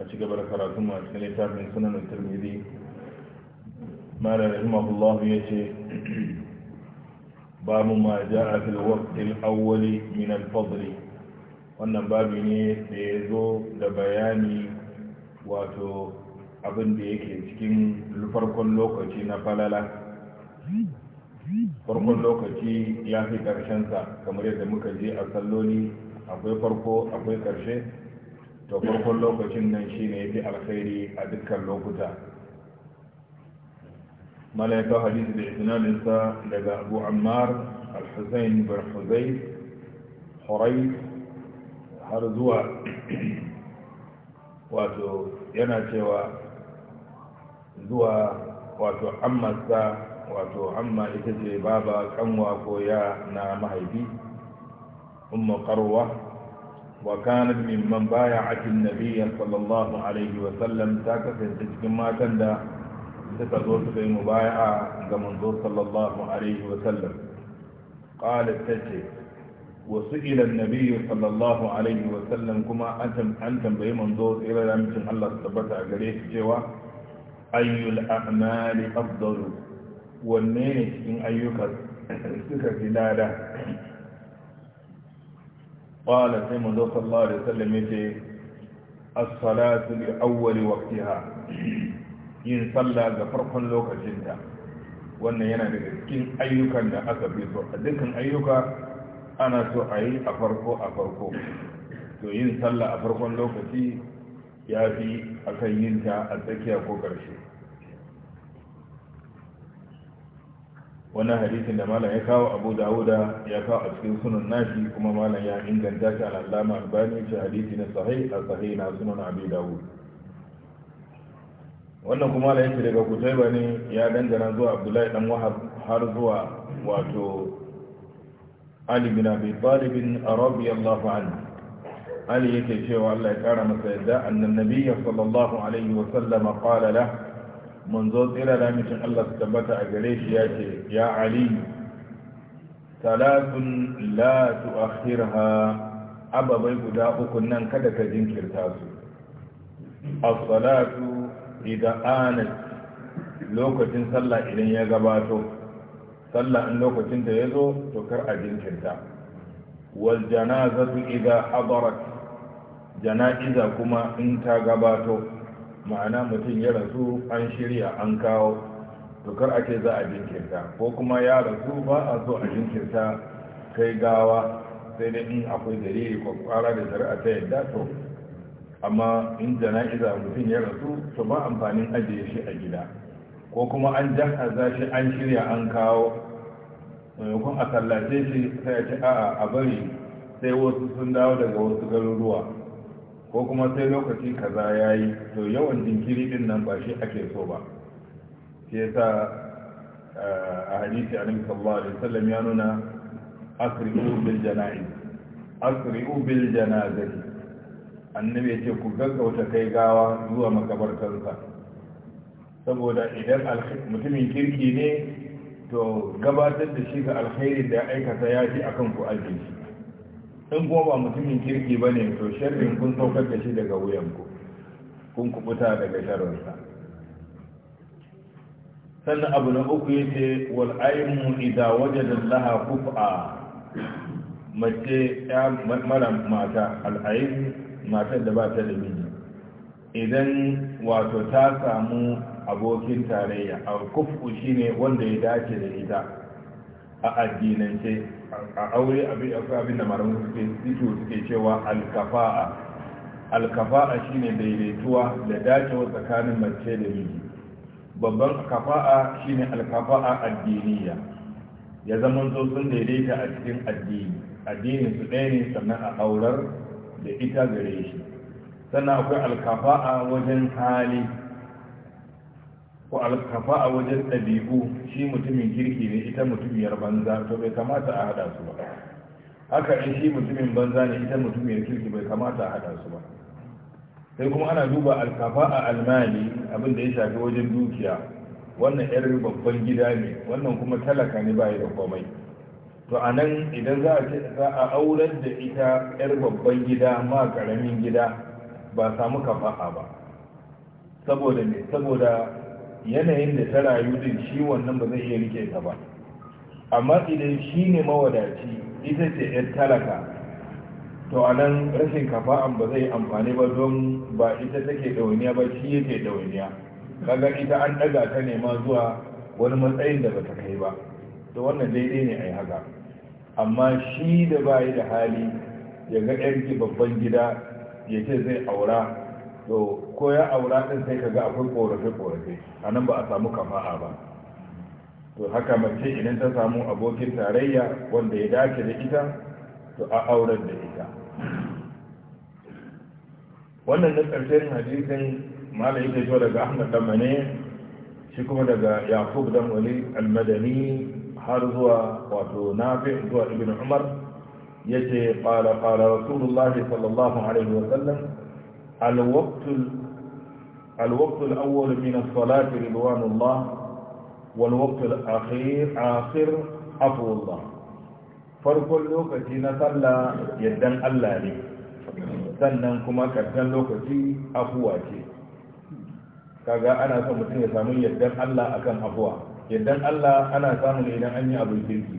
a ci gaba da karatu ma cikin littafin sunan turmidi malar rahimahullah ya ce babu ma ja a filwaktil awwali min alfadli wannan babu ne da ya zo da bayani wato abin da yake cikin farkon lokaci na falala farkon lokaci ya fi ƙarshensa kamar yadda muka je a salloli akwai farko akwai ƙarshe to farkon lokacin nan shi shine fi alkhairi a dukkan lokuta ta hadisi da isnadinsa daga abu ammar al-husayn horai har zuwa wato yana cewa zuwa wato ammasa wato amma ita ce baba kanwa ko ya na mahaifi umma karwa وكانت ممن بايعت النبي صلى الله عليه وسلم تاكفت cikin matan da suka zo suka yi mubaya'a ga manzo sallallahu alaihi wasallam qalat tace wasu ilan nabi sallallahu alaihi wasallam kuma an tambayi manzo tsira da mutum Allah su tabbata gare shi cewa ayyul a'mali afdalu wanne ne cikin ayyuka suka fi qala sai manzo sallallahu alaihi wasallam yace as-salatu li awwali waqtiha yin sallah ga farkon lokacinta wannan yana daga cikin ayyukan da aka fi so a dukkan ayyuka ana so a yi a farko a farko to yin sallah a farkon lokaci ya fi akan yin ta a tsakiya ko ƙarshe wani hadisin da malam ya kawo abu dawuda ya kawo a cikin sunan nashi kuma malam ya inganta shi al'allama albani ce hadisi na sahi a sahi na sunan abu dawud wannan kuma malam yake daga kutaiba ne ya dangana zuwa abdullahi dan wahab har zuwa wato ali bin abi talib radiyallahu anhu ali yake cewa Allah ya kara masa yadda annan nabiyyi sallallahu alaihi wa sallam qala lahu manzo tsira na mutum Allah su tabbata a gare shi ya ce ya ali salatun la tu'akhirha ababai guda uku nan kada ka jinkirta su as-salatu idan anat lokacin sallah idan ya gabato sallah in lokacin ta yazo to kar a jinkirta wal janazatu idza hadarat jana'iza kuma in ta gabato ma'ana mutum ya rasu an shirya an kawo kar a ce za a jinkirta ko kuma ya rasu ba a so a jinkirta kai gawa sai dai in akwai dalili ko kwara da a ta yadda to amma in jana'iza mutum ya rasu to ba amfanin ajiye shi a gida ko kuma an jan a shi an shirya an kawo maimakon a sallace shi sai a ce a'a a bari sai wasu sun dawo daga wasu garuruwa ko kuma sai lokaci kaza ya yi to yawan jinkiri din nan ba shi ake so ba shi yasa eh, a hadisi annabi sallallahu alaihi wasallam ya nuna asri'u bil janaiz asri'u bil janazati annabi ya ce ku gaggauta kai gawa zuwa makabartarsa saboda idan mutumin kirki ne to gabatar da shi ga alkhairi da aikata ya ji akan ku ajiye in kuma ba mutumin kirki ba ne to sharrin kun saukar da shi daga wuyanku kun kubuta daga sharrinsa sannan abu na uku ya ce wal'ayin idza wajadan laha kufa mace ya mara mata al'ayin matar da ba ta da miji idan wato ta samu abokin tarayya a kufu shine wanda ya dace da ita a addinance a aure abin da malamu suke fito suke cewa alkafa'a alkafa'a shine daidaituwa da dacewa tsakanin mace da miji babban kafa'a shine alkafa'a addiniya ya zama so daidaita a cikin addini addini su ɗaya ne sannan a aurar da ita gare shi sannan akwai alkafa'a wajen hali ko alkafa a wajen ɗabi'u shi mutumin kirki ne ita mutumiyar banza to bai kamata a haɗa su ba haka in shi mutumin banza ne ita mutumiyar kirki bai kamata a haɗa su ba sai kuma ana duba alkafa a almali abin da ya shafi wajen dukiya wannan yar babban gida ne wannan kuma talaka ne bai da komai to a nan idan za a aurar da ita yar babban gida ma karamin gida ba samu kafa'a ba saboda ne saboda yanayin da ta rayu din shi wannan ba zai iya rike ta ba amma idan shi ne mawadaci ita ce yan talaka to a nan rashin kafa'an ba zai amfani ba don ba ita take ɗauniya ba shi yake ɗauniya kaga ita an ɗaga ta nema zuwa wani matsayin da ba ta kai ba to wannan daidai ne a yi haka amma shi da bayi da hali ya ga babban gida ya ce zai aura to ko ya aura din sai kaga akwai korafe korafe a nan ba a samu kafa'a ba to haka mace idan ta samu abokin tarayya wanda ya dace da ita to a aurar da ita wannan na ƙarshen hadisin malam yake zo daga ahmad damane shi kuma daga yaqub dan wali al-madani har zuwa wato nafi zuwa ibn umar yace qala qala rasulullahi sallallahu alaihi wa الوقت الوقت الأول من الصلاة رضوان الله والوقت الأخير آخر عفو الله farkon lokaci na sallah yaddan Allah ne sannan kuma karshen lokaci afuwa ce kaga ana son mutum ya samu yaddan Allah akan afuwa yaddan Allah ana samu ne idan an yi abin kirki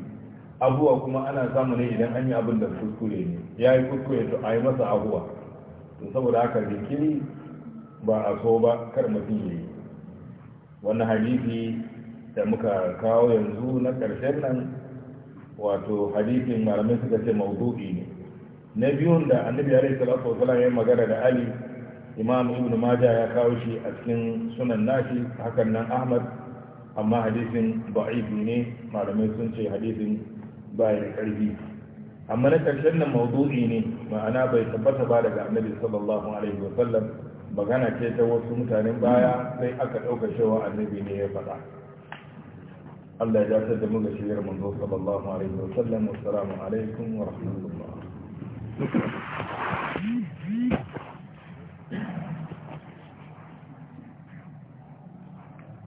abuwa kuma ana samu ne idan an yi abin da kuskure ne ya yi kuskure to a yi masa abuwa to saboda haka zikiri ba a so ba kar mutum ya yi wannan hadisi da muka kawo yanzu na ƙarshen nan wato hadisin malamai suka ce maudu'i ne na biyun da annabi alaihi salatu wasallam ya magana da ali imam ibn majah ya kawo shi a cikin sunan nashi hakan nan ahmad amma hadisin da'if ne malamai sun ce hadisin ba ya karfi amma na ƙarshen nan mawdu'i ne ma'ana bai tabbata ba daga annabi sallallahu alaihi wa sallam magana ce ta wasu mutanen baya sai aka ɗauka cewa annabi ne ya faɗa Allah ya dace da mu ga manzo sallallahu alaihi wa sallam assalamu alaikum wa